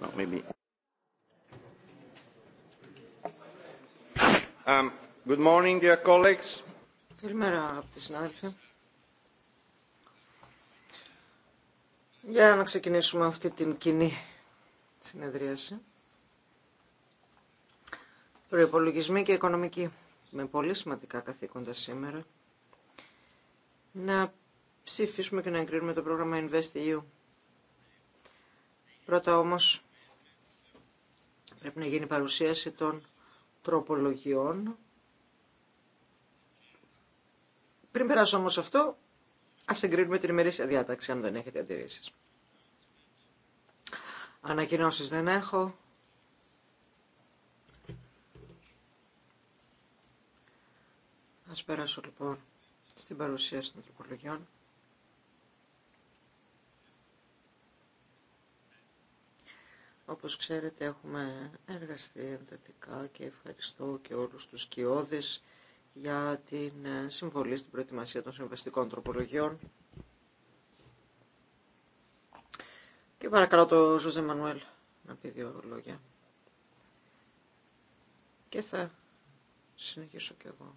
Um, Καλημέρα, αγαπητοί συνάδελφοι. Για να ξεκινήσουμε αυτή την κοινή συνεδρίαση. Προϋπολογισμοί και οικονομική με πολύ σημαντικά καθήκοντα σήμερα. Να ψηφίσουμε και να εγκρίνουμε το πρόγραμμα InvestEU. Πρώτα όμως Πρέπει να γίνει παρουσίαση των τροπολογιών. Πριν περάσω όμως αυτό, ας εγκρίνουμε την ημερήσια διάταξη, αν δεν έχετε αντιρρήσεις. Ανακοινώσεις δεν έχω. Ας περάσω λοιπόν στην παρουσίαση των τροπολογιών. Όπως ξέρετε έχουμε εργαστεί εντατικά και ευχαριστώ και όλους τους κοιόδης για την ε, συμβολή στην προετοιμασία των συμβαστικών τροπολογιών. Και παρακαλώ τον Ζωζέ Μανουέλ να πει δύο λόγια. Και θα συνεχίσω κι εγώ.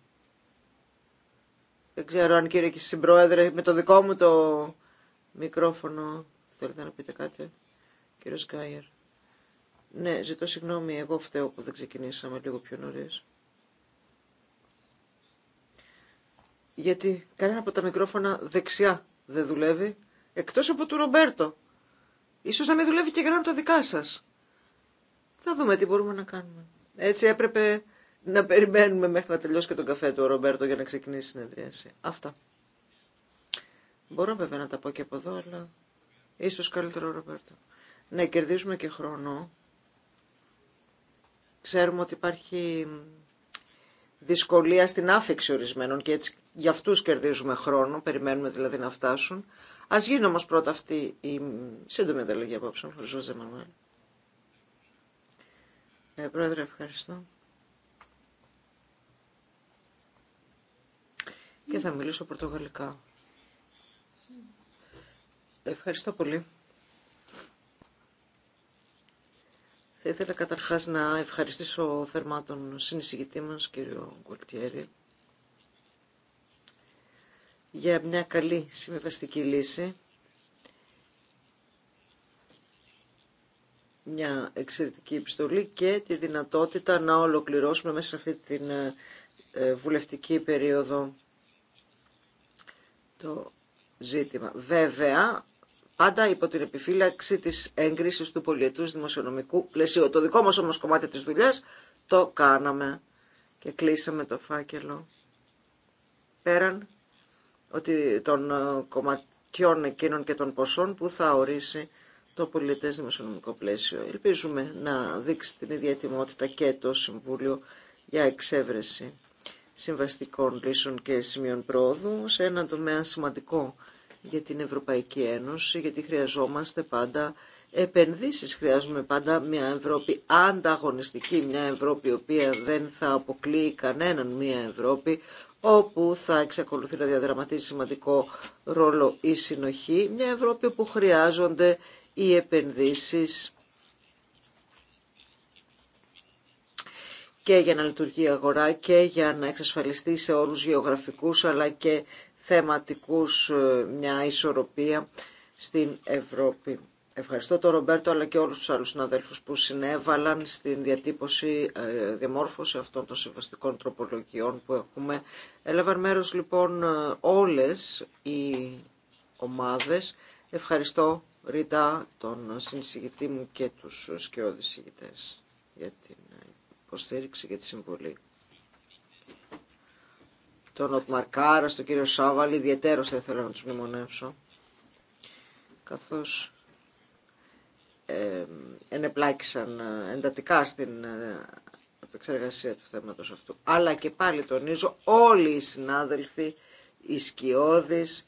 Δεν ξέρω αν κύριε και συμπρόεδρε με το δικό μου το μικρόφωνο θέλετε να πείτε κάτι. Κύριος Γκάιερ. Ναι, ζητώ συγγνώμη, εγώ φταίω που δεν ξεκινήσαμε λίγο πιο νωρίς. Γιατί κανένα από τα μικρόφωνα δεξιά δεν δουλεύει, εκτός από του Ρομπέρτο. Ίσως να μην δουλεύει και κανένα τα δικά σας. Θα δούμε τι μπορούμε να κάνουμε. Έτσι έπρεπε να περιμένουμε μέχρι να τελειώσει και τον καφέ του ο Ρομπέρτο για να ξεκινήσει η συνεδρίαση. Αυτά. Μπορώ βέβαια να τα πω και από εδώ, αλλά ίσως καλύτερο ο Ρομπέρτο. Ναι, κερδίζουμε και χρόνο Ξέρουμε ότι υπάρχει δυσκολία στην άφηξη ορισμένων και έτσι για αυτούς κερδίζουμε χρόνο, περιμένουμε δηλαδή να φτάσουν. Ας γίνει όμως πρώτα αυτή η σύντομη ανταλλαγή απόψε, Ζωζέ Μανουέλ. Ε, πρόεδρε, ευχαριστώ. Και θα μιλήσω πορτογαλικά. Ευχαριστώ πολύ. Θα ήθελα καταρχάς να ευχαριστήσω θερμά τον συνεισηγητή μας, κύριο Γκουαλτιέρη, για μια καλή συμβιβαστική λύση. μια εξαιρετική επιστολή και τη δυνατότητα να ολοκληρώσουμε μέσα σε αυτή την ε, ε, βουλευτική περίοδο το ζήτημα. Βέβαια, πάντα υπό την επιφύλαξη της έγκρισης του πολιετούς δημοσιονομικού πλαισίου. Το δικό μας όμως κομμάτι της δουλειάς το κάναμε και κλείσαμε το φάκελο. Πέραν ότι των ε, κομματιών εκείνων και των ποσών που θα ορίσει το πολιτές δημοσιονομικό πλαίσιο. Ελπίζουμε να δείξει την ίδια ετοιμότητα και το Συμβούλιο για εξέβρεση συμβαστικών λύσεων και σημείων πρόοδου σε έναν τομέα σημαντικό για την Ευρωπαϊκή Ένωση, γιατί χρειαζόμαστε πάντα επενδύσεις, χρειάζομαι πάντα μια Ευρώπη ανταγωνιστική, μια Ευρώπη η οποία δεν θα αποκλείει κανέναν, μια Ευρώπη όπου θα εξακολουθεί να διαδραματίσει σημαντικό ρόλο η συνοχή, μια Ευρώπη που χρειάζονται οι επενδύσεις και για να λειτουργεί η αγορά και για να εξασφαλιστεί σε όρους γεωγραφικούς αλλά και θεματικούς ε, μια ισορροπία στην Ευρώπη. Ευχαριστώ τον Ρομπέρτο αλλά και όλους τους άλλους συναδέλφους που συνέβαλαν στην διατύπωση, ε, διαμόρφωση αυτών των συμβαστικών τροπολογιών που έχουμε. Έλαβαν μέρος λοιπόν ε, όλες οι ομάδες. Ευχαριστώ Ρίτα, τον συνεισηγητή μου και τους σκιώδης για την υποστήριξη και τη συμβολή τον Οτμαρκάρα, στον κύριο Σάβαλη, ιδιαίτερος θα ήθελα να τους μνημονεύσω, καθώς ε, ενεπλάκησαν εντατικά στην ε, επεξεργασία του θέματος αυτού. Αλλά και πάλι τονίζω όλοι οι συνάδελφοι, οι σκιώδεις,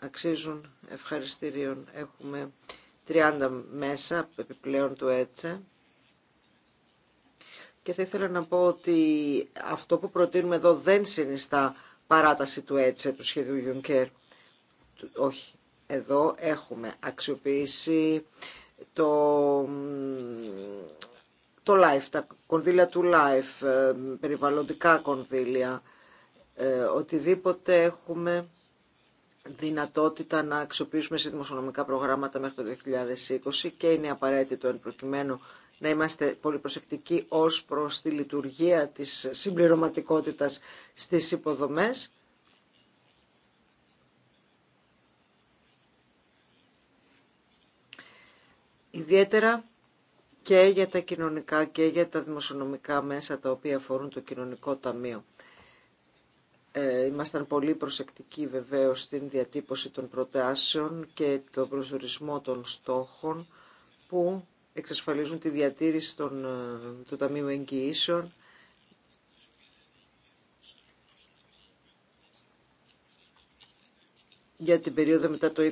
αξίζουν ευχαριστηρίων. Έχουμε 30 μέσα επιπλέον του έτσε και θα ήθελα να πω ότι αυτό που προτείνουμε εδώ δεν συνιστά παράταση του έτσε του σχεδίου Juncker. Όχι. Εδώ έχουμε αξιοποιήσει το, το life, τα κονδύλια του life, ε, περιβαλλοντικά κονδύλια, ε, οτιδήποτε έχουμε δυνατότητα να αξιοποιήσουμε σε δημοσιονομικά προγράμματα μέχρι το 2020 και είναι απαραίτητο εν προκειμένου να είμαστε πολύ προσεκτικοί ως προς τη λειτουργία της συμπληρωματικότητας στις υποδομές. Ιδιαίτερα και για τα κοινωνικά και για τα δημοσιονομικά μέσα τα οποία αφορούν το κοινωνικό ταμείο. Ε, ήμασταν πολύ προσεκτικοί βεβαίως στην διατύπωση των προτάσεων και τον προσδορισμό των στόχων που εξασφαλίζουν τη διατήρηση των, ε, του Ταμείου Εγγυήσεων για την περίοδο μετά το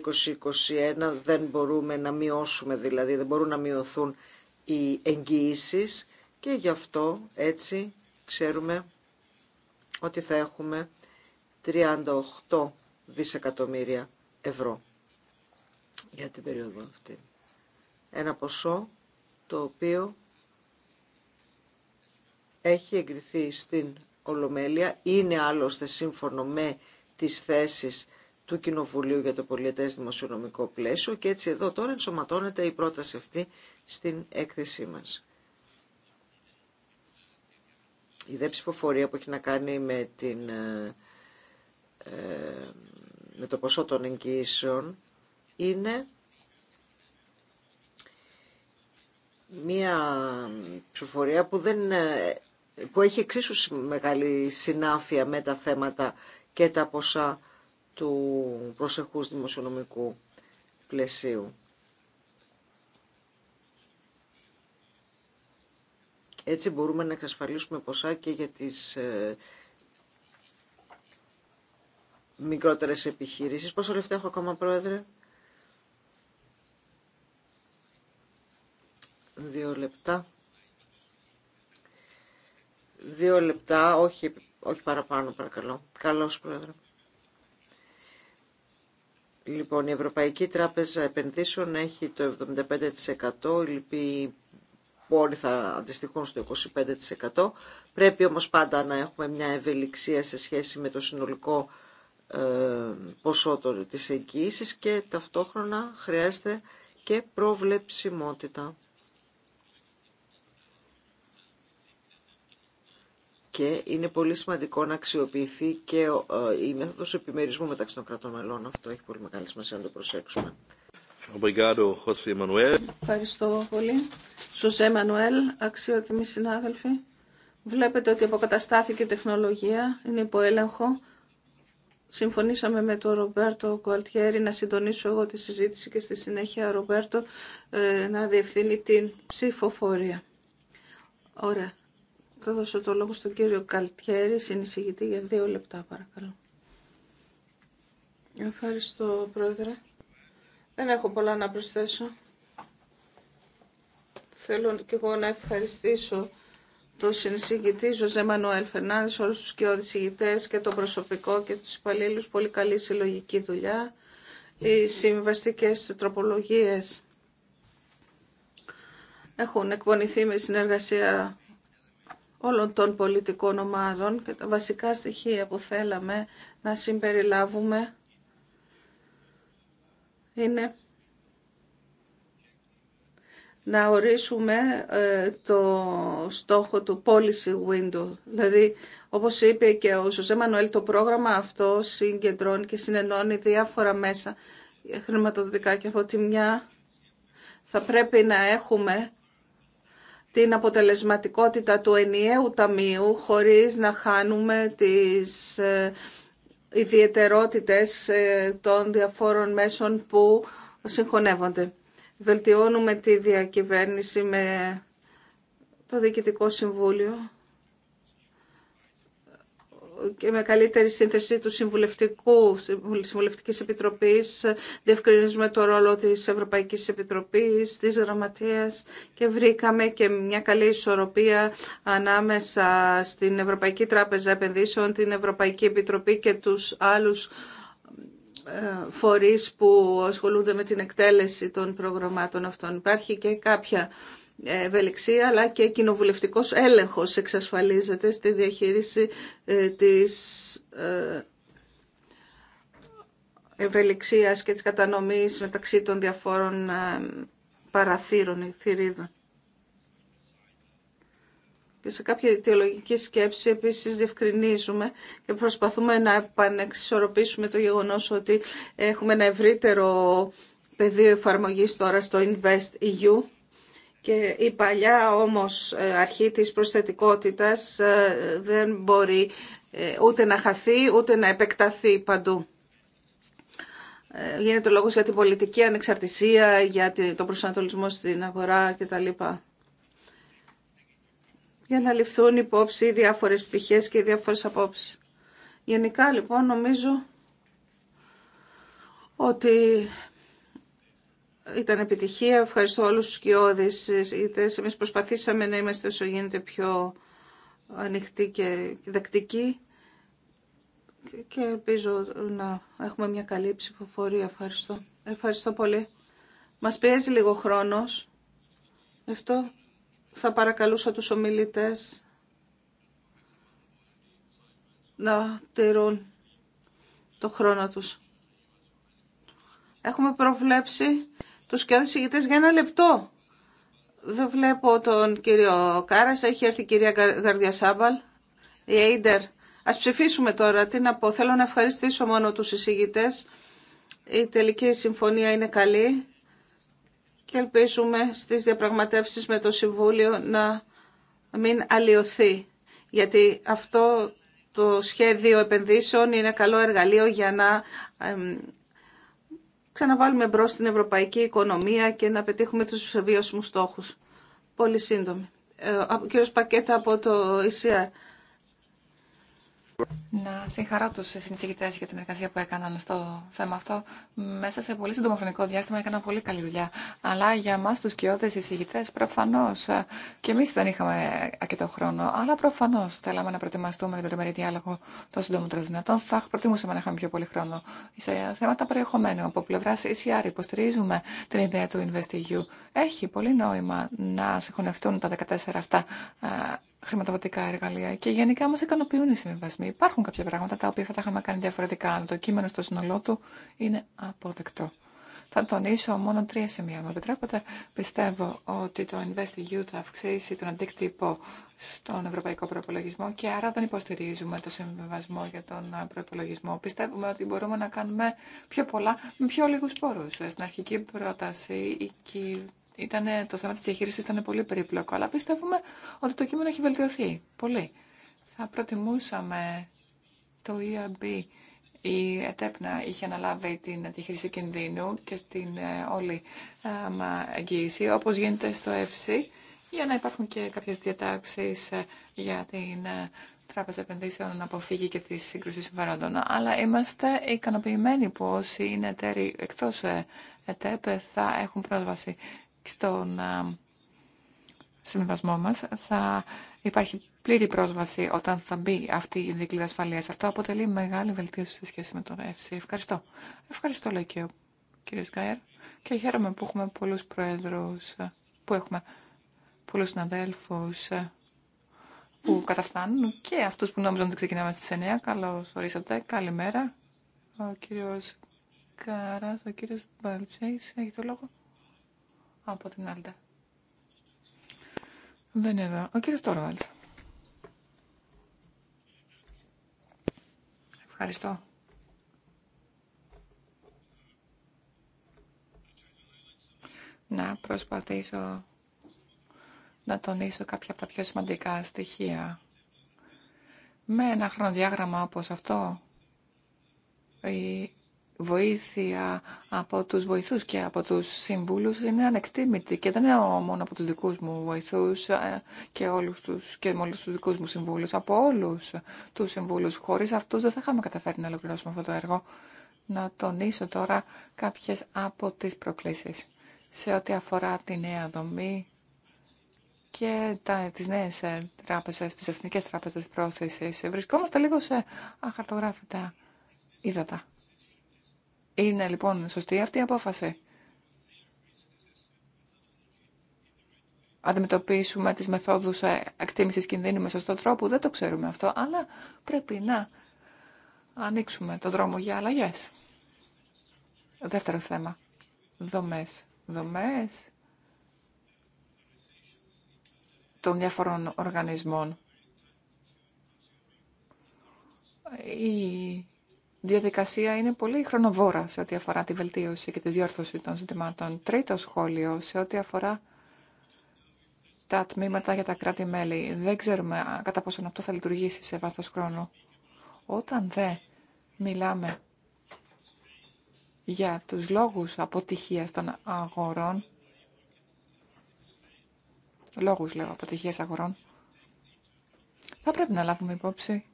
2021 δεν μπορούμε να μειώσουμε δηλαδή, δεν μπορούν να μειωθούν οι εγγυήσει και γι' αυτό έτσι ξέρουμε ότι θα έχουμε 38 δισεκατομμύρια ευρώ για την περίοδο αυτή ένα ποσό το οποίο έχει εγκριθεί στην Ολομέλεια, είναι άλλωστε σύμφωνο με τις θέσεις του Κοινοβουλίου για το Πολιετές Δημοσιονομικό Πλαίσιο και έτσι εδώ τώρα ενσωματώνεται η πρόταση αυτή στην έκθεσή μας. Η δε ψηφοφορία που έχει να κάνει με, ε, ε, το ποσό των εγγύσεων είναι μία ψηφοφορία που, δεν, ε, που έχει εξίσου μεγάλη συνάφεια με τα θέματα και τα ποσά του προσεχούς δημοσιονομικού πλαισίου. Έτσι μπορούμε να εξασφαλίσουμε ποσά και για τις ε, μικρότερες επιχειρήσεις. Πόσο λεφτά έχω ακόμα, Πρόεδρε? Δύο λεπτά. Δύο λεπτά, όχι, όχι παραπάνω παρακαλώ. Καλώς πρόεδρε. Λοιπόν, η Ευρωπαϊκή Τράπεζα Επενδύσεων έχει το 75%, οι λοιποί πόροι θα αντιστοιχούν στο 25%. Πρέπει όμως πάντα να έχουμε μια ευελιξία σε σχέση με το συνολικό ε, ποσό της εγγύησης και ταυτόχρονα χρειάζεται και προβλεψιμότητα. και είναι πολύ σημαντικό να αξιοποιηθεί και ε, η μέθοδος επιμερισμού μεταξύ των κρατών μελών. Αυτό έχει πολύ μεγάλη σημασία να το προσέξουμε. Ευχαριστώ πολύ. Σουζέ Μανουέλ, αξιότιμοι συνάδελφοι. Βλέπετε ότι αποκαταστάθηκε η τεχνολογία, είναι υπό έλεγχο. Συμφωνήσαμε με τον Ρομπέρτο Κουαλτιέρη να συντονίσω εγώ τη συζήτηση και στη συνέχεια ο Ρομπέρτο ε, να διευθύνει την ψηφοφορία. Ωραία. Θα δώσω το λόγο στον κύριο Καλτιέρη, συνεισηγητή για δύο λεπτά παρακαλώ. Ευχαριστώ πρόεδρε. Δεν έχω πολλά να προσθέσω. Θέλω και εγώ να ευχαριστήσω τον συνεισηγητή Ζωζέ Μανουέλ Φερνάνδης, όλους τους και οδησηγητές και το προσωπικό και τους υπαλλήλους. Πολύ καλή συλλογική δουλειά. Οι συμβαστικές τροπολογίες έχουν εκπονηθεί με συνεργασία όλων των πολιτικών ομάδων και τα βασικά στοιχεία που θέλαμε να συμπεριλάβουμε είναι να ορίσουμε ε, το στόχο του policy window. Δηλαδή, όπως είπε και ο Σοζέ Μανουέλ, το πρόγραμμα αυτό συγκεντρώνει και συνενώνει διάφορα μέσα ε, χρηματοδοτικά και από τη μια θα πρέπει να έχουμε την αποτελεσματικότητα του ενιαίου ταμείου χωρίς να χάνουμε τις ε, ιδιαιτερότητες ε, των διαφόρων μέσων που συγχωνεύονται. Βελτιώνουμε τη διακυβέρνηση με το Διοικητικό Συμβούλιο και με καλύτερη σύνθεση του Συμβουλευτικού, Συμβουλευτικής Επιτροπής, διευκρινίζουμε το ρόλο της Ευρωπαϊκής Επιτροπής, της Γραμματείας και βρήκαμε και μια καλή ισορροπία ανάμεσα στην Ευρωπαϊκή Τράπεζα Επενδύσεων, την Ευρωπαϊκή Επιτροπή και τους άλλους ε, φορείς που ασχολούνται με την εκτέλεση των προγραμμάτων αυτών. Υπάρχει και κάποια ευελιξία αλλά και κοινοβουλευτικός έλεγχος εξασφαλίζεται στη διαχείριση ε, της ε, ευελιξίας και της κατανομής μεταξύ των διαφόρων ε, παραθύρων ή θηρίδων. Και σε κάποια αιτιολογική σκέψη επίση διευκρινίζουμε και προσπαθούμε να επανεξισορροπήσουμε το γεγονός ότι έχουμε ένα ευρύτερο πεδίο εφαρμογής τώρα στο Invest e και η παλιά όμως ε, αρχή της προσθετικότητας ε, δεν μπορεί ε, ούτε να χαθεί ούτε να επεκταθεί παντού. Γίνεται λόγος για την πολιτική ανεξαρτησία, για τον προσανατολισμό στην αγορά κτλ. Για να ληφθούν υπόψη οι διάφορες πτυχές και οι διάφορες απόψεις. Γενικά λοιπόν νομίζω ότι ήταν επιτυχία. Ευχαριστώ όλους τους κοιόδης. Εμείς προσπαθήσαμε να είμαστε όσο γίνεται πιο ανοιχτοί και δεκτικοί και ελπίζω να έχουμε μια καλή ψηφοφορία. Ευχαριστώ. Ευχαριστώ πολύ. Μας πιέζει λίγο χρόνος. Ευτό θα παρακαλούσα τους ομιλητές να τηρούν το χρόνο τους. Έχουμε προβλέψει τους και για ένα λεπτό. Δεν βλέπω τον κύριο Κάρας, έχει έρθει η κυρία Γαρδιά Σάμπαλ, η Αίντερ. Ας ψηφίσουμε τώρα, τι να πω, θέλω να ευχαριστήσω μόνο τους εισηγητές. Η τελική συμφωνία είναι καλή και ελπίζουμε στις διαπραγματεύσεις με το Συμβούλιο να μην αλλοιωθεί. Γιατί αυτό το σχέδιο επενδύσεων είναι καλό εργαλείο για να ξαναβάλουμε μπρος την ευρωπαϊκή οικονομία και να πετύχουμε τους βιώσιμού στόχους. Πολύ σύντομη. Ε, ο κύριος Πακέτα από το ECR. Να συγχαρώ του συνεισηγητέ για την εργασία που έκαναν στο θέμα αυτό. Μέσα σε πολύ σύντομο χρονικό διάστημα έκαναν πολύ καλή δουλειά. Αλλά για εμά του κοιότε συνεισηγητέ, προφανώ ε, και εμεί δεν είχαμε αρκετό χρόνο. Αλλά προφανώ θέλαμε να προετοιμαστούμε για τον τριμερή διάλογο το συντομότερο δυνατόν. Θα προτιμούσαμε να είχαμε πιο πολύ χρόνο. Σε θέματα περιεχομένου, από πλευρά ECR υποστηρίζουμε την ιδέα του InvestEU. Έχει πολύ νόημα να συγχωνευτούν τα 14 αυτά ε, χρηματοδοτικά εργαλεία και γενικά μα ικανοποιούν οι συμβιβασμοί. Υπάρχουν κάποια πράγματα τα οποία θα τα είχαμε κάνει διαφορετικά, αλλά το κείμενο στο σύνολό του είναι αποδεκτό. Θα τονίσω μόνο τρία σημεία, με επιτρέπετε. Πιστεύω ότι το InvestEU θα αυξήσει τον αντίκτυπο στον ευρωπαϊκό προπολογισμό και άρα δεν υποστηρίζουμε το συμβιβασμό για τον προπολογισμό. Πιστεύουμε ότι μπορούμε να κάνουμε πιο πολλά με πιο λίγου πόρου. Στην αρχική πρόταση η το θέμα της διαχείρισης ήταν πολύ περίπλοκο, αλλά πιστεύουμε ότι το κείμενο έχει βελτιωθεί πολύ. Θα προτιμούσαμε το EAB. η ΕΤΕΠ να είχε αναλάβει την διαχείριση κινδύνου και στην ε, όλη εγγύηση, όπως γίνεται στο ΕΦΣΥ, για να υπάρχουν και κάποιες διατάξεις ε, για την ε, Τράπεζα Επενδύσεων να αποφύγει και τη σύγκρουση συμφερόντων. Αλλά είμαστε ικανοποιημένοι που όσοι είναι εταίροι εκτός ΕΤΕΠ θα έχουν πρόσβαση στον συμβιβασμό μας θα υπάρχει πλήρη πρόσβαση όταν θα μπει αυτή η δίκλυδα ασφαλεία. Αυτό αποτελεί μεγάλη βελτίωση σε σχέση με τον ΕΦΣΥ. Ευχαριστώ. Ευχαριστώ, λέει και ο κύριος Γκάιερ. Και χαίρομαι που έχουμε πολλούς προέδρους, που έχουμε πολλούς συναδέλφους που καταφθάνουν και αυτούς που νόμιζαν ότι ξεκινάμε στις 9. Καλώς ορίσατε. Καλημέρα. Ο κύριος Καράς, ο κύριος Μπαλτσέης έχει το λόγο από την Άλτα. Δεν είναι εδώ. Ο κύριος Τόρβαλτς. Ευχαριστώ. Να προσπαθήσω να τονίσω κάποια από τα πιο σημαντικά στοιχεία. Με ένα χρονοδιάγραμμα όπως αυτό, η βοήθεια από τους βοηθούς και από τους συμβούλους είναι ανεκτήμητη και δεν είναι μόνο από τους δικούς μου βοηθούς ε, και, όλους τους, και με τους δικούς μου συμβούλους, από όλους τους συμβούλους. Χωρίς αυτούς δεν θα είχαμε καταφέρει να ολοκληρώσουμε αυτό το έργο. Να τονίσω τώρα κάποιες από τις προκλήσεις σε ό,τι αφορά τη νέα δομή και τα, τις νέες ε, τράπεζες, τις εθνικές τράπεζες πρόθεσης. Βρισκόμαστε λίγο σε αχαρτογράφητα ύδατα. Είναι λοιπόν σωστή αυτή η απόφαση. Αντιμετωπίσουμε τις μεθόδους ε, εκτίμησης κινδύνου με σωστό τρόπο, δεν το ξέρουμε αυτό, αλλά πρέπει να ανοίξουμε το δρόμο για αλλαγές. Δεύτερο θέμα. Δομές. Δομές των διάφορων οργανισμών διαδικασία είναι πολύ χρονοβόρα σε ό,τι αφορά τη βελτίωση και τη διόρθωση των ζητημάτων. Τρίτο σχόλιο σε ό,τι αφορά τα τμήματα για τα κράτη-μέλη. Δεν ξέρουμε κατά πόσο αυτό θα λειτουργήσει σε βάθος χρόνου. Όταν δε μιλάμε για τους λόγους αποτυχίας των αγορών, λόγους λέω αποτυχίας αγορών, θα πρέπει να λάβουμε υπόψη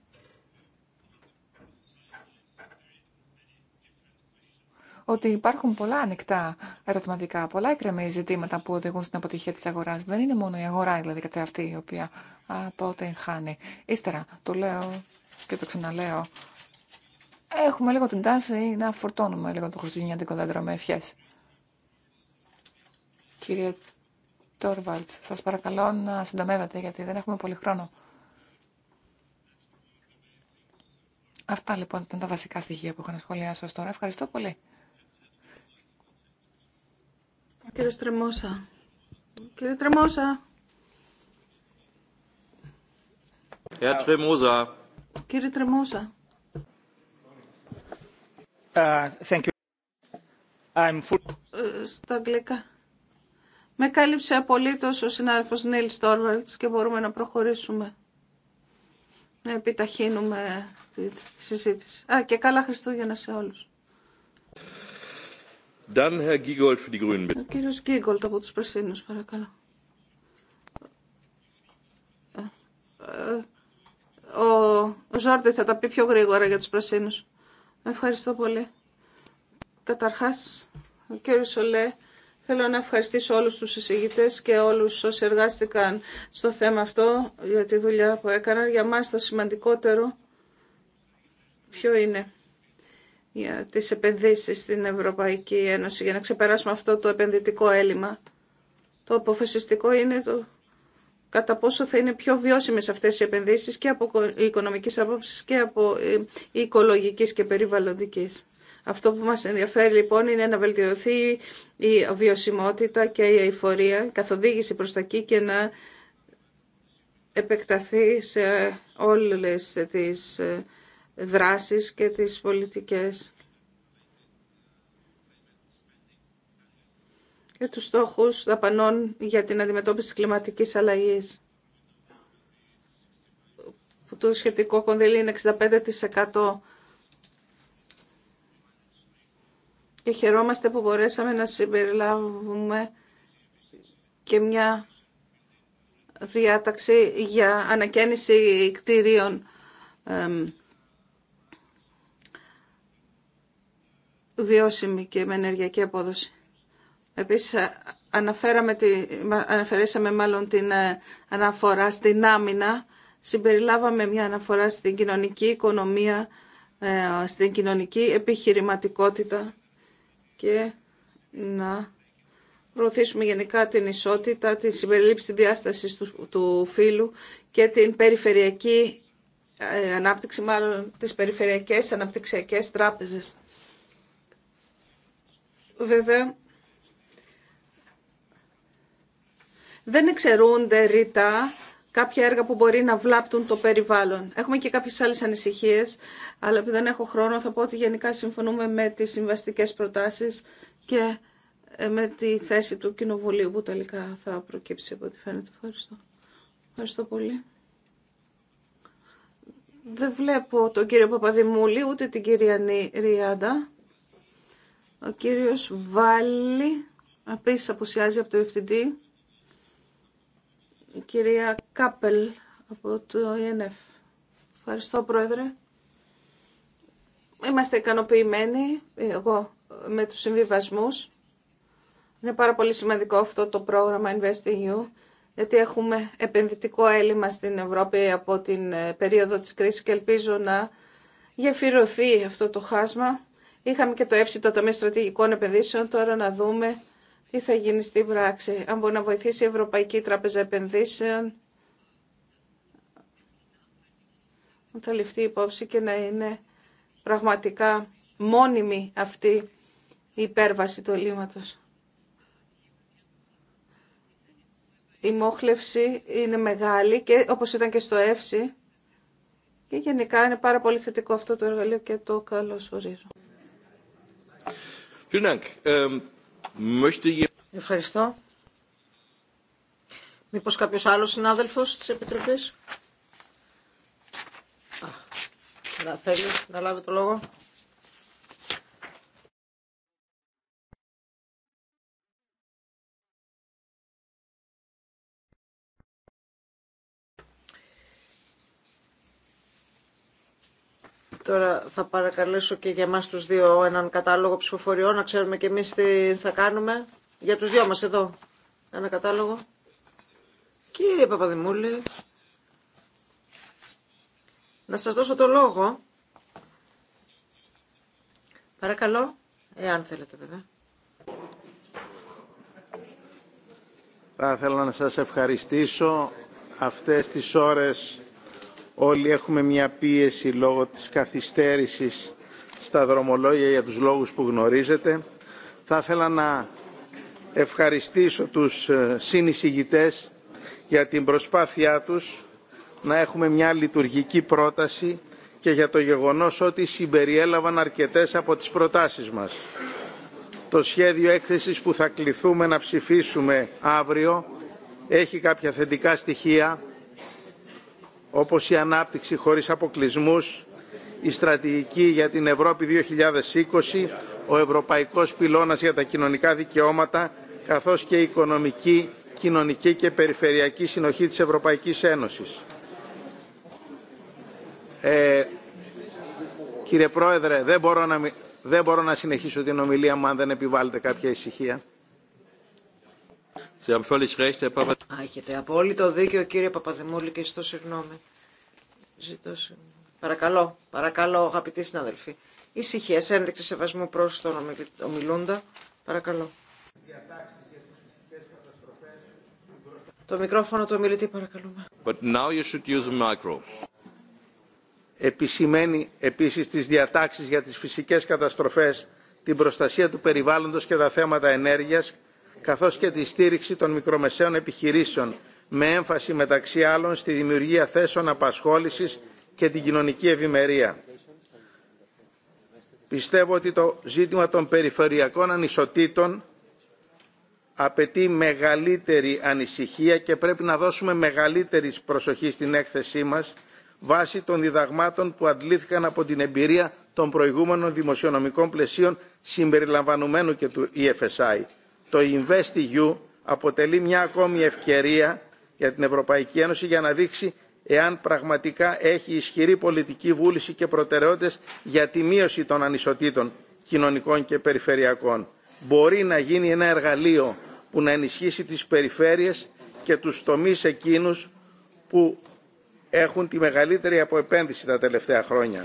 ότι υπάρχουν πολλά ανοιχτά ερωτηματικά, πολλά εκκρεμή ζητήματα που οδηγούν στην αποτυχία της αγοράς. Δεν είναι μόνο η αγορά δηλαδή κατά αυτή η οποία από ό,τι χάνει. Ύστερα, το λέω και το ξαναλέω, έχουμε λίγο την τάση να φορτώνουμε λίγο το χριστουγεννιάτικο δέντρο με ευχές. Κύριε Τόρβαλτς, σας παρακαλώ να συντομεύετε γιατί δεν έχουμε πολύ χρόνο. Αυτά λοιπόν ήταν τα βασικά στοιχεία που είχα να σχολιάσω τώρα. Ευχαριστώ πολύ. Κύριε Τρεμόσα. Κύριε Τρεμόσα. Herr Κύριε Τρεμόσα. thank you. I'm full... Ε, στα αγγλικά. Με κάλυψε απολύτως ο συνάδελφος Νίλ Στόρβαλτς και μπορούμε να προχωρήσουμε. Να επιταχύνουμε τη συζήτηση. Α, και καλά Χριστούγεννα σε όλους. Ο κύριος Γίγκολτ από τους Πρεσίνους, παρακαλώ. Ε, ε, ο Ζόρντι θα τα πει πιο γρήγορα για τους Πρεσίνους. Ευχαριστώ πολύ. Καταρχάς, ο κύριος Σολέ, θέλω να ευχαριστήσω όλους τους εισηγητές και όλους όσοι εργάστηκαν στο θέμα αυτό για τη δουλειά που έκαναν. Για μας το σημαντικότερο ποιο είναι για τις επενδύσεις στην Ευρωπαϊκή Ένωση για να ξεπεράσουμε αυτό το επενδυτικό έλλειμμα. Το αποφασιστικό είναι το κατά πόσο θα είναι πιο βιώσιμες αυτές οι επενδύσεις και από οικονομικής άποψης και από οικολογικής και περιβαλλοντικής. Αυτό που μας ενδιαφέρει λοιπόν είναι να βελτιωθεί η βιωσιμότητα και η αηφορία, η καθοδήγηση προς τα εκεί και να επεκταθεί σε όλες τις ε, δράσεις και τις πολιτικές και τους στόχους δαπανών για την αντιμετώπιση της κλιματικής αλλαγής. Το σχετικό κονδύλι είναι 65% και χαιρόμαστε που μπορέσαμε να συμπεριλάβουμε και μια διάταξη για ανακαίνιση κτίριων βιώσιμη και με ενεργειακή απόδοση. Επίσης, αναφέραμε τη, αναφερέσαμε μάλλον την ε, αναφορά στην άμυνα, συμπεριλάβαμε μια αναφορά στην κοινωνική οικονομία, ε, στην κοινωνική επιχειρηματικότητα και να προωθήσουμε γενικά την ισότητα, τη συμπεριλήψη διάστασης του, του φύλου και την περιφερειακή ε, ανάπτυξη, μάλλον τις περιφερειακές αναπτυξιακές τράπεζες βέβαια δεν εξαιρούνται ρητά κάποια έργα που μπορεί να βλάπτουν το περιβάλλον. Έχουμε και κάποιες άλλες ανησυχίες, αλλά επειδή δεν έχω χρόνο θα πω ότι γενικά συμφωνούμε με τις συμβαστικές προτάσεις και ε, με τη θέση του Κοινοβουλίου που τελικά θα προκύψει από ό,τι φαίνεται. Ευχαριστώ. Ευχαριστώ πολύ. Δεν βλέπω τον κύριο Παπαδημούλη ούτε την κυρία Ριάντα. Ο κύριος Βάλλη επίση αποσιάζει από το FTD. Η κυρία Κάπελ από το ΕΝΕΦ. E Ευχαριστώ πρόεδρε. Είμαστε ικανοποιημένοι, εγώ, με τους συμβιβασμούς. Είναι πάρα πολύ σημαντικό αυτό το πρόγραμμα InvestEU, γιατί έχουμε επενδυτικό έλλειμμα στην Ευρώπη από την ε, περίοδο της κρίσης και ελπίζω να γεφυρωθεί αυτό το χάσμα Είχαμε και το έψη το Ταμείο Στρατηγικών Επενδύσεων. Τώρα να δούμε τι θα γίνει στην πράξη. Αν μπορεί να βοηθήσει η Ευρωπαϊκή Τράπεζα Επενδύσεων. Θα ληφθεί υπόψη και να είναι πραγματικά μόνιμη αυτή η υπέρβαση του λίματος. Η μόχλευση είναι μεγάλη και όπως ήταν και στο ΕΦΣΙ και γενικά είναι πάρα πολύ θετικό αυτό το εργαλείο και το ορίζω. Ähm, Ευχαριστώ. Μήπως κάποιος άλλος συνάδελφος της Επιτροπής να θέλει να λάβει το λόγο. Τώρα θα παρακαλέσω και για μας τους δύο έναν κατάλογο ψηφοφοριών, να ξέρουμε και εμείς τι θα κάνουμε. Για τους δυο μας εδώ, ένα κατάλογο. Κύριε Παπαδημούλη, να σας δώσω το λόγο. Παρακαλώ, εάν θέλετε βέβαια. Θα ήθελα να σας ευχαριστήσω αυτές τις ώρες όλοι έχουμε μια πίεση λόγω της καθυστέρησης στα δρομολόγια για τους λόγους που γνωρίζετε. Θα ήθελα να ευχαριστήσω τους ε, συνεισηγητές για την προσπάθειά τους να έχουμε μια λειτουργική πρόταση και για το γεγονός ότι συμπεριέλαβαν αρκετές από τις προτάσεις μας. Το σχέδιο έκθεσης που θα κληθούμε να ψηφίσουμε αύριο έχει κάποια θετικά στοιχεία όπως η ανάπτυξη χωρίς αποκλεισμούς, η στρατηγική για την Ευρώπη 2020, ο Ευρωπαϊκός Πυλώνας για τα Κοινωνικά Δικαιώματα, καθώς και η Οικονομική, Κοινωνική και Περιφερειακή Συνοχή της Ευρωπαϊκής Ένωσης. Ε, κύριε Πρόεδρε, δεν μπορώ, να, δεν μπορώ να συνεχίσω την ομιλία μου αν δεν επιβάλλετε κάποια ησυχία. Sie haben völlig recht, Herr Papa... Έχετε απόλυτο δίκιο, κύριε Παπαδημούλη, και ζητώ συγγνώμη. Ζητώ συγγνώμη. Παρακαλώ, παρακαλώ, αγαπητοί συναδελφοί. Ησυχία, ένδειξη σεβασμού προ τον ομιλούντα. Παρακαλώ. Το μικρόφωνο του ομιλητή, παρακαλούμε. But now you should use a Επισημαίνει επίσης τις διατάξεις για τις φυσικές καταστροφές, την προστασία του περιβάλλοντος και τα θέματα ενέργειας καθώς και τη στήριξη των μικρομεσαίων επιχειρήσεων με έμφαση μεταξύ άλλων στη δημιουργία θέσεων απασχόλησης και την κοινωνική ευημερία. Πιστεύω ότι το ζήτημα των περιφερειακών ανισοτήτων απαιτεί μεγαλύτερη ανησυχία και πρέπει να δώσουμε μεγαλύτερη προσοχή στην έκθεσή μας βάσει των διδαγμάτων που αντλήθηκαν από την εμπειρία των προηγούμενων δημοσιονομικών πλαισίων συμπεριλαμβανομένου και του EFSI το InvestEU αποτελεί μια ακόμη ευκαιρία για την Ευρωπαϊκή Ένωση για να δείξει εάν πραγματικά έχει ισχυρή πολιτική βούληση και προτεραιότητες για τη μείωση των ανισοτήτων κοινωνικών και περιφερειακών. Μπορεί να γίνει ένα εργαλείο που να ενισχύσει τις περιφέρειες και τους τομείς εκείνους που έχουν τη μεγαλύτερη αποεπένδυση τα τελευταία χρόνια.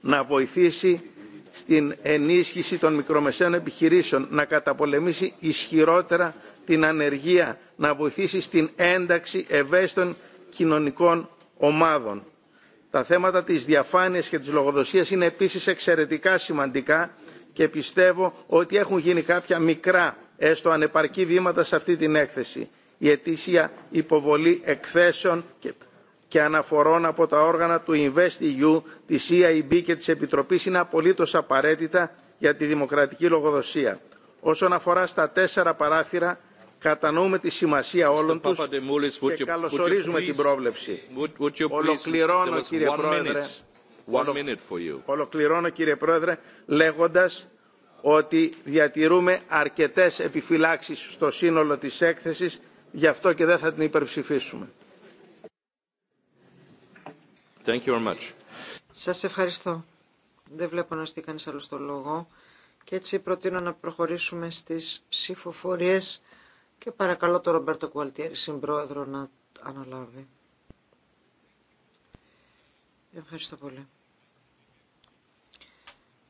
Να βοηθήσει στην ενίσχυση των μικρομεσαίων επιχειρήσεων, να καταπολεμήσει ισχυρότερα την ανεργία, να βοηθήσει στην ένταξη ευαίσθητων κοινωνικών ομάδων. Τα θέματα της διαφάνειας και της λογοδοσίας είναι επίσης εξαιρετικά σημαντικά και πιστεύω ότι έχουν γίνει κάποια μικρά, έστω ανεπαρκή βήματα σε αυτή την έκθεση. Η αιτήσια υποβολή εκθέσεων και αναφορών από τα όργανα του InvestEU, της EIB και της Επιτροπής είναι απολύτως απαραίτητα για τη δημοκρατική λογοδοσία. Όσον αφορά στα τέσσερα παράθυρα, κατανοούμε τη σημασία όλων τους και καλωσορίζουμε την πρόβλεψη. Ολοκληρώνω, κύριε Πρόεδρε, Ολοκληρώνω, κύριε Πρόεδρε, λέγοντας ότι διατηρούμε αρκετές επιφυλάξεις στο σύνολο της έκθεσης, γι' αυτό και δεν θα την υπερψηφίσουμε. Thank you very much. Σας ευχαριστώ. Δεν βλέπω να στεί κανείς άλλο στο λόγο. Και έτσι προτείνω να προχωρήσουμε στις ψηφοφορίες και παρακαλώ τον Ρομπέρτο Κουαλτιέρη, συμπρόεδρο, να αναλάβει. Ευχαριστώ πολύ.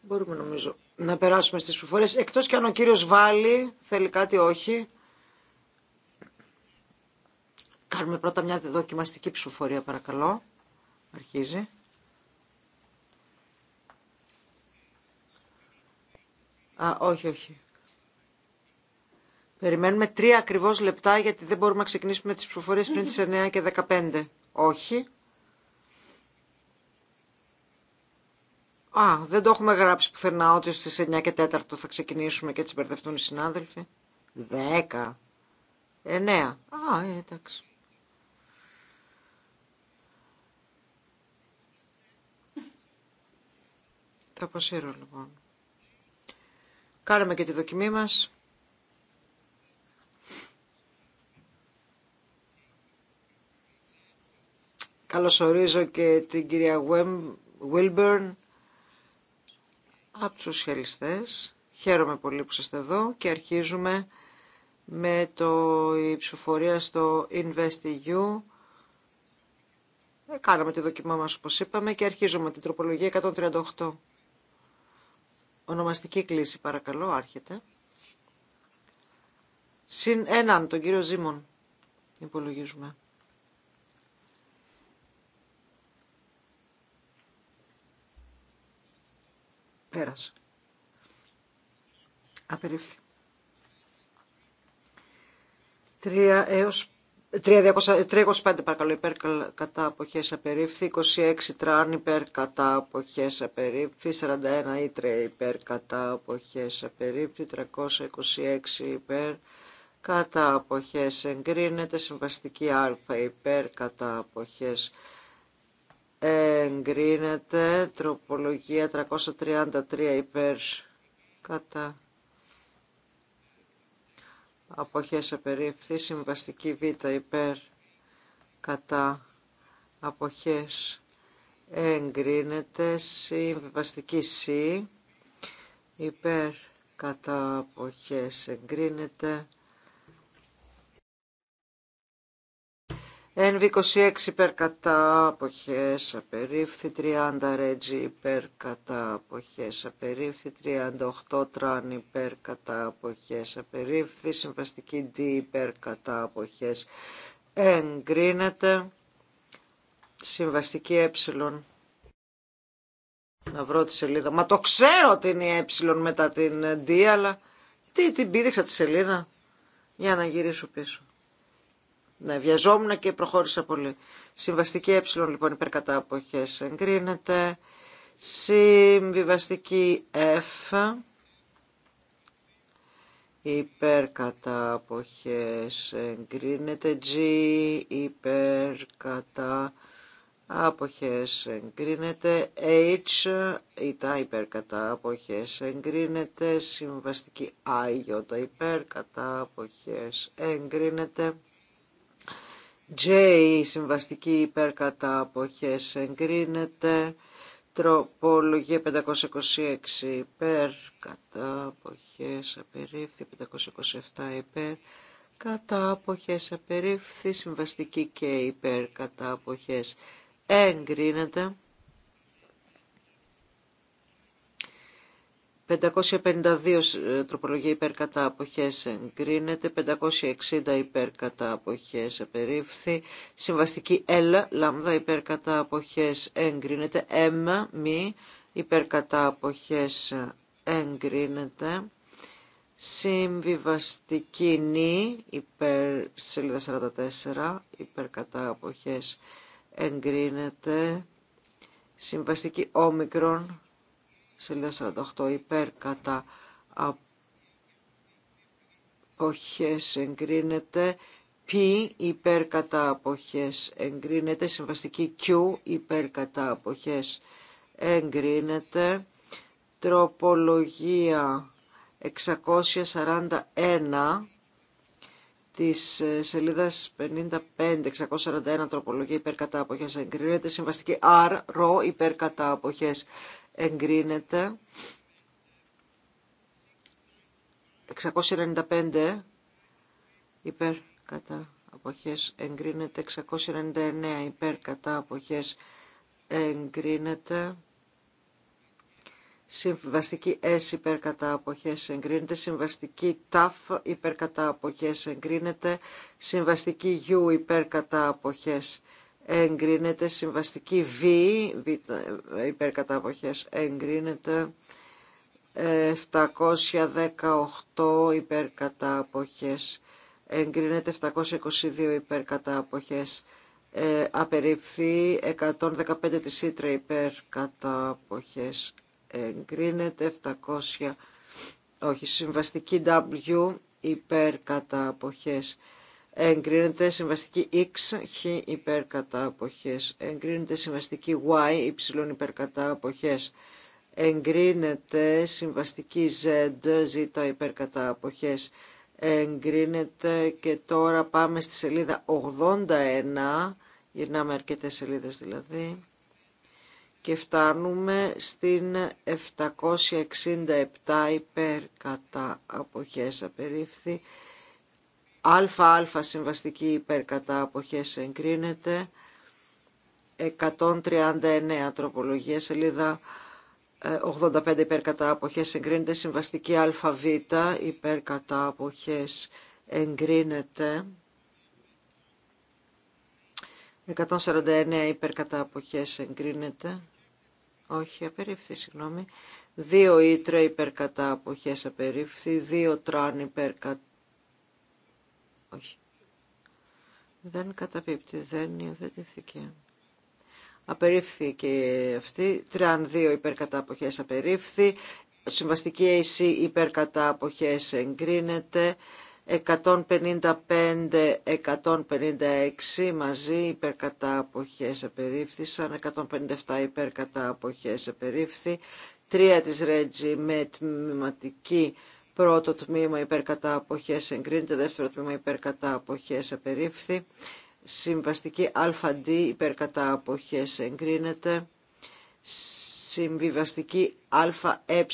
Μπορούμε νομίζω να περάσουμε στις ψηφοφορίες. Εκτός και αν ο κύριος Βάλλη θέλει κάτι όχι. Κάνουμε πρώτα μια δοκιμαστική ψηφοφορία παρακαλώ. Αρχίζει. Α, όχι, όχι. Περιμένουμε τρία ακριβώς λεπτά γιατί δεν μπορούμε να ξεκινήσουμε τις ψηφοφορίες πριν τις 9 και 15. Όχι. Α, δεν το έχουμε γράψει πουθενά ότι στις 9 και 4 θα ξεκινήσουμε και έτσι μπερδευτούν οι συνάδελφοι. 10. 9. Α, ε, εντάξει. Το αποσύρω λοιπόν. Κάναμε και τη δοκιμή μας. Καλωσορίζω και την κυρία Βίλμπερν από τους σοσιαλιστές. Χαίρομαι πολύ που είστε εδώ και αρχίζουμε με το, η ψηφοφορία στο InvestEU. Ε, κάναμε τη δοκιμά μας όπως είπαμε και αρχίζουμε την τροπολογία 138. Ονομαστική κλίση παρακαλώ, άρχεται. Συν έναν, τον κύριο Ζήμων, υπολογίζουμε. Πέρασε. Απερίφθη. Τρία. έως 325 παρακαλώ υπέρ κατά αποχές απερίφθη, 26 τραν υπέρ κατά αποχές απερίφθη, 41 ήτρε υπέρ κατά αποχές απερίφθη, 326 υπέρ κατά αποχές εγκρίνεται, συμβαστική α υπέρ κατά αποχές εγκρίνεται, τροπολογία 333 υπέρ κατά αποχές απερίφθη, συμβαστική β υπέρ κατά αποχές εγκρίνεται, συμβαστική σ υπέρ κατά αποχές εγκρίνεται, NV26 υπέρ κατά αποχές απερίφθη 30 Ρέτζι υπέρ κατά αποχές απερίφθη 38 Τραν υπέρ κατά αποχές απερίφθη συμβαστική D υπέρ κατά αποχές εγκρίνεται συμβαστική ε να βρω τη σελίδα μα το ξέρω ότι είναι η ε μετά την D αλλά τι την πήδηξα τη σελίδα για να γυρίσω πίσω ναι, βιαζόμουν και προχώρησα πολύ. Συμβαστική ε, λοιπόν, υπέρ εγκρίνεται. Συμβιβαστική F, υπέρ αποχές εγκρίνεται. G, υπέρ αποχές εγκρίνεται. H, ητά υπέρ κατά εγκρίνεται. Συμβαστική I, υπέρ κατά αποχές εγκρίνεται. J, συμβαστική υπέρ κατά εγκρίνεται. Τροπολογία 526 υπέρ κατά απερίφθη. 527 υπέρ κατά αποχές απερίφθη. Συμβαστική και υπέρ κατά εγκρίνεται. 552 ε, τροπολογία υπέρ κατά αποχές εγκρίνεται, 560 υπέρ κατά αποχές απερίφθη, συμβαστική L, λάμδα υπέρ κατά αποχές εγκρίνεται, M, μη υπέρ κατά αποχές εγκρίνεται, συμβιβαστική νη υπέρ σελίδα 44 υπέρ κατά αποχές εγκρίνεται, συμβαστική όμικρον Σελίδα 48 υπέρ κατά αποχές εγκρίνεται. Π υπέρ κατά αποχές εγκρίνεται. Συμβαστική Q υπέρ κατά αποχές εγκρίνεται. Τροπολογία 641 της ε, σελίδας 55, 641 τροπολογία υπέρ αποχές εγκρίνεται, συμβαστική R, ρο υπέρ αποχές εγκρίνεται 695 υπέρ κατά αποχές εγκρίνεται 699 υπέρ κατά αποχές εγκρίνεται Συμβαστική S υπέρ κατά αποχές εγκρίνεται, συμβαστική TAF υπέρ κατά αποχές εγκρίνεται, συμβαστική U υπέρ κατά αποχές εγκρίνεται. Συμβαστική Β, υπέρ κατά εγκρίνεται. 718 υπέρ εγκρίνεται. 722 υπέρ κατά απεριφθεί 115 της Ήτρα υπέρ εγκρίνεται 700 όχι συμβαστική W υπέρ εγκρίνεται συμβαστική X, χ υπερκατα αποχές, εγκρίνεται συμβαστική Y, υψηλών υπερκατα αποχές, εγκρίνεται συμβαστική Z, ζ υπέρ αποχές, εγκρίνεται και τώρα πάμε στη σελίδα 81, γυρνάμε αρκετέ σελίδες δηλαδή, και φτάνουμε στην 767 υπερκατα αποχές απερίφθη, ΑΑ συμβαστική υπέρ αποχές εγκρίνεται. 139 τροπολογία σελίδα 85 ε, υπερκατά αποχές εγκρίνεται. Συμβαστική ΑΒ υπερκατά αποχές εγκρίνεται. 149 υπέρ αποχές εγκρίνεται. Όχι, απερίφθη, συγγνώμη. 2 ήτρε υπέρ αποχές απερίφθη. 2 τραν υπέρ όχι. Δεν καταπίπτει, δεν υιοθετηθήκε. Απερίφθη και αυτή. 32 υπερκατάποχες απερίφθη. Συμβαστική AC υπερκατάποχες εγκρίνεται. 155-156 μαζί υπερκατάποχες απερίφθησαν, 157 υπερκατάποχες απερίφθη, Τρία της Ρέτζι με τμηματική Πρώτο τμήμα υπερκατάποχες εγκρίνεται, δεύτερο τμήμα υπερκατάποχες απερίφθη. Συμβαστική ΑΔ υπερκατάποχες εγκρίνεται. Συμβιβαστική ΑΕ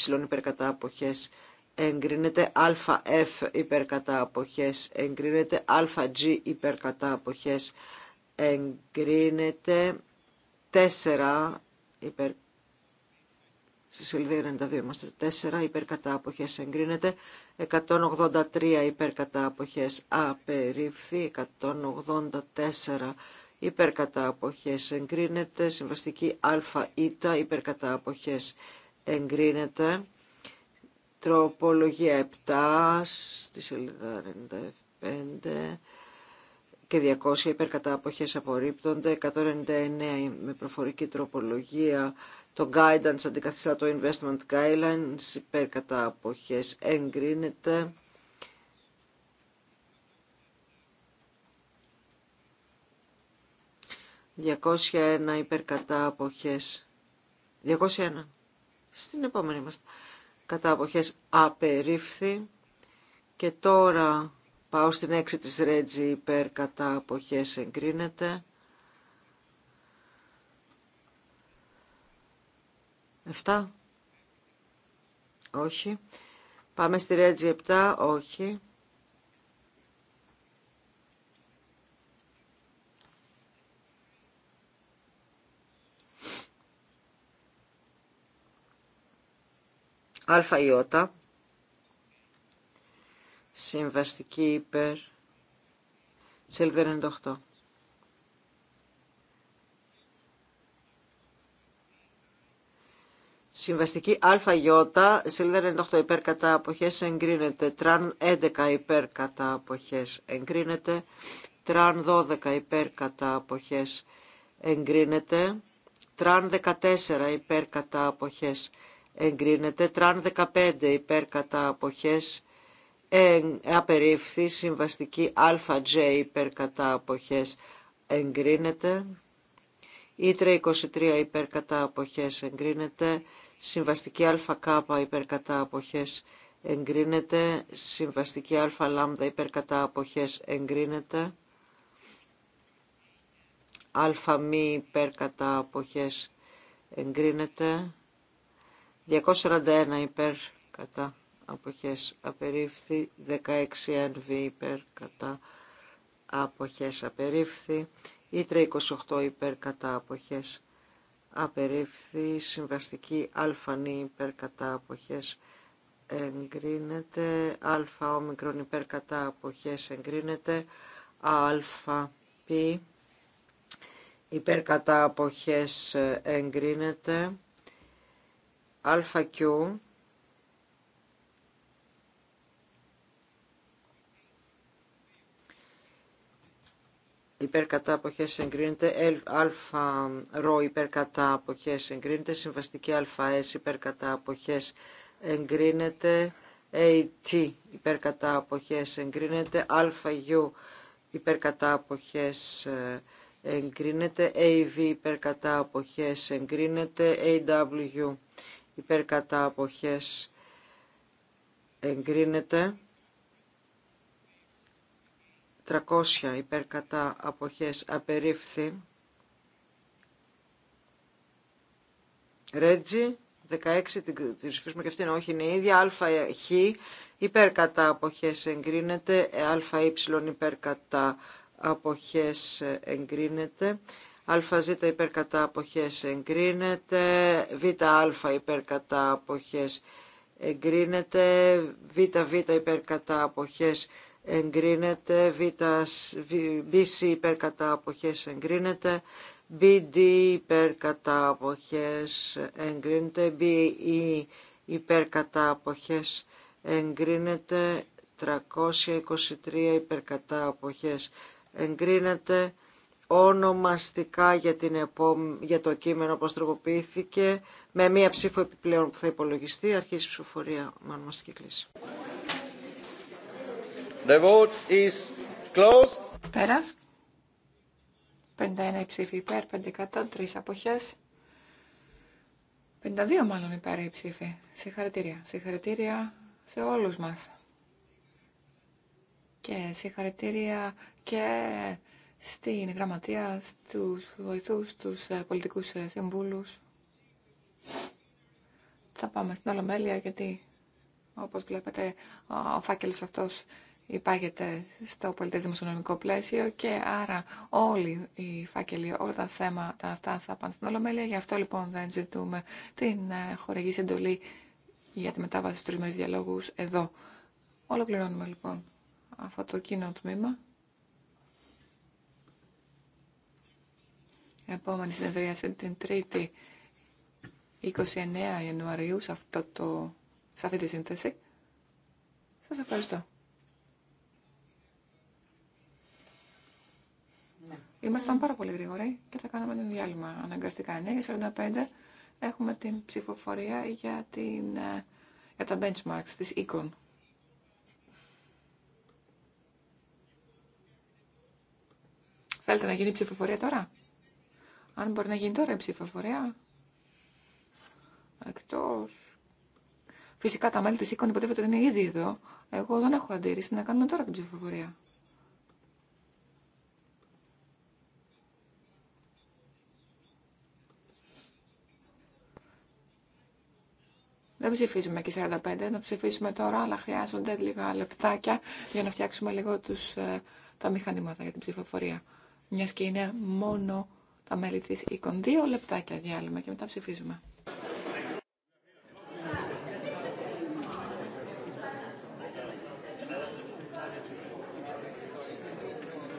υπερκατάποχες εγκρίνεται. αφ υπερκατάποχες εγκρίνεται. ΑΓ υπερκατάποχες εγκρίνεται. Τέσσερα υπέρ στη σελίδα 92 είμαστε 4 υπέρ εγκρίνεται 183 υπέρ απερίφθη 184 υπέρ εγκρίνεται συμβαστική α ή υπέρ ενγκρίνεται εγκρίνεται τροπολογία 7 στη σελίδα 95 και 200 υπερκατάποχες απορρίπτονται, 199 με προφορική τροπολογία το guidance αντικαθιστά το investment guidelines υπέρ κατά αποχές εγκρίνεται. ...201 υπέρ κατά αποχές... ...201... ...στην επόμενη μας... ...κατά αποχές απερίφθη... ...και τώρα πάω στην έξι της Ρέτζη... ...υπέρ κατά αποχές εγκρίνεται... 7. Όχι. Πάμε στη Ρέτζι 7. Όχι. Αλφα Ιώτα. Συμβαστική υπέρ. Σελίδα Συμβαστική ΑΙ, σελίδα 98 υπέρ κατά αποχές εγκρίνεται. Τραν 11 υπέρ κατά αποχές εγκρίνεται. Τραν 12 υπέρ κατά αποχές εγκρίνεται. Τραν 14 υπέρ κατά αποχές εγκρίνεται. Τραν 15 υπέρ κατά αποχές απερίφθη. Συμβαστική ΑΙ υπέρ κατά αποχές εγκρίνεται. Ήτρε 23 υπέρ κατά αποχές εγκρίνεται. Συμβαστική ΑΚ υπέρ αποχές εγκρίνεται. Συμβαστική ΑΛ υπέρ κατά αποχές εγκρίνεται. ΑΜ υπερκατά υπέρ αποχές εγκρίνεται. 241 υπέρ κατά αποχές απερίφθη. 16 NV Υπερκατά αποχές απερίφθη. Ήτρε 28 υπέρ κατά αποχές απερίφθη συμβαστική αλφανή υπέρ κατά αποχές εγκρίνεται αλφα όμικρον υπέρ αποχές εγκρίνεται αλφα π υπέρ κατά αποχές εγκρίνεται αλφα κιού υπέρ κατά αποχές εγκρίνεται, αΡΟ ρο υπέρ κατά αποχές εγκρίνεται, συμβαστική αες υπέρ κατά αποχές εγκρίνεται, AT υπέρ κατά αποχές εγκρίνεται, ΑΙΟ υπέρ κατά αποχές ε, εγκρίνεται, AV υπέρ αποχές εγκρίνεται, AW υπέρ κατά εγκρίνεται. 300 υπέρ αποχές απερίφθη. Ρέτζι 16 την ψηφίσουμε και αυτήν, όχι είναι η ίδια, ΑΧ υπέρ κατά αποχές εγκρίνεται, αλφα ε, υπέρ κατά αποχές εγκρίνεται, ΑΖ υπέρ κατά αποχές εγκρίνεται, ΒΑ υπέρ κατά αποχές εγκρίνεται, ΒΒ υπέρ υπερκατά αποχές εγκρίνεται, εγκρίνεται, BC υπέρ κατά αποχές εγκρίνεται, BD υπέρ κατά αποχές εγκρίνεται, BE υπέρ κατά αποχές εγκρίνεται, 323 υπέρ κατά αποχές εγκρίνεται, ονομαστικά για, την επόμ για το κείμενο όπως τροποποιήθηκε, με μία ψήφο επιπλέον που θα υπολογιστεί, αρχίζει η ψηφοφορία με ονομαστική κλίση. The vote is closed. Πέρας. 51 ψήφοι υπέρ, 5 κατά, 52 μάλλον υπέρ η ψήφοι. Συγχαρητήρια. Συγχαρητήρια σε όλους μας. Και συγχαρητήρια και στην γραμματεία, στους βοηθούς, στους ε, πολιτικούς ε, συμβούλους. Θα πάμε στην Ολομέλεια γιατί, όπως βλέπετε, ο φάκελος αυτός υπάγεται στο πολιτές δημοσιονομικό πλαίσιο και άρα όλοι οι φάκελοι, όλα τα θέματα αυτά θα πάνε στην Ολομέλεια. Γι' αυτό λοιπόν δεν ζητούμε την ε, χορηγή εντολή για τη μετάβαση στους τρεις διαλόγους εδώ. Ολοκληρώνουμε λοιπόν αυτό το κοινό τμήμα. Επόμενη συνεδρίαση την 3η 29 Ιανουαρίου σε, αυτό το, σε αυτή τη σύνθεση. Σας ευχαριστώ. Ήμασταν πάρα πολύ γρήγοροι και θα κάναμε ένα διάλειμμα αναγκαστικά. 9.45 έχουμε την ψηφοφορία για, την, ε, για τα benchmarks της Econ. Θέλετε να γίνει ψηφοφορία τώρα? Αν μπορεί να γίνει τώρα η ψηφοφορία. Εκτός. Φυσικά τα μέλη της Econ υποτίθεται είναι ήδη εδώ. Εγώ δεν έχω αντίρρηση να κάνουμε τώρα την ψηφοφορία. Δεν ψηφίζουμε και 45, να ψηφίσουμε τώρα, αλλά χρειάζονται λίγα λεπτάκια για να φτιάξουμε λίγο τους, ε, τα μηχανήματα για την ψηφοφορία. Μια και είναι μόνο τα μέλη τη εικον. Δύο λεπτάκια διάλειμμα και μετά ψηφίζουμε.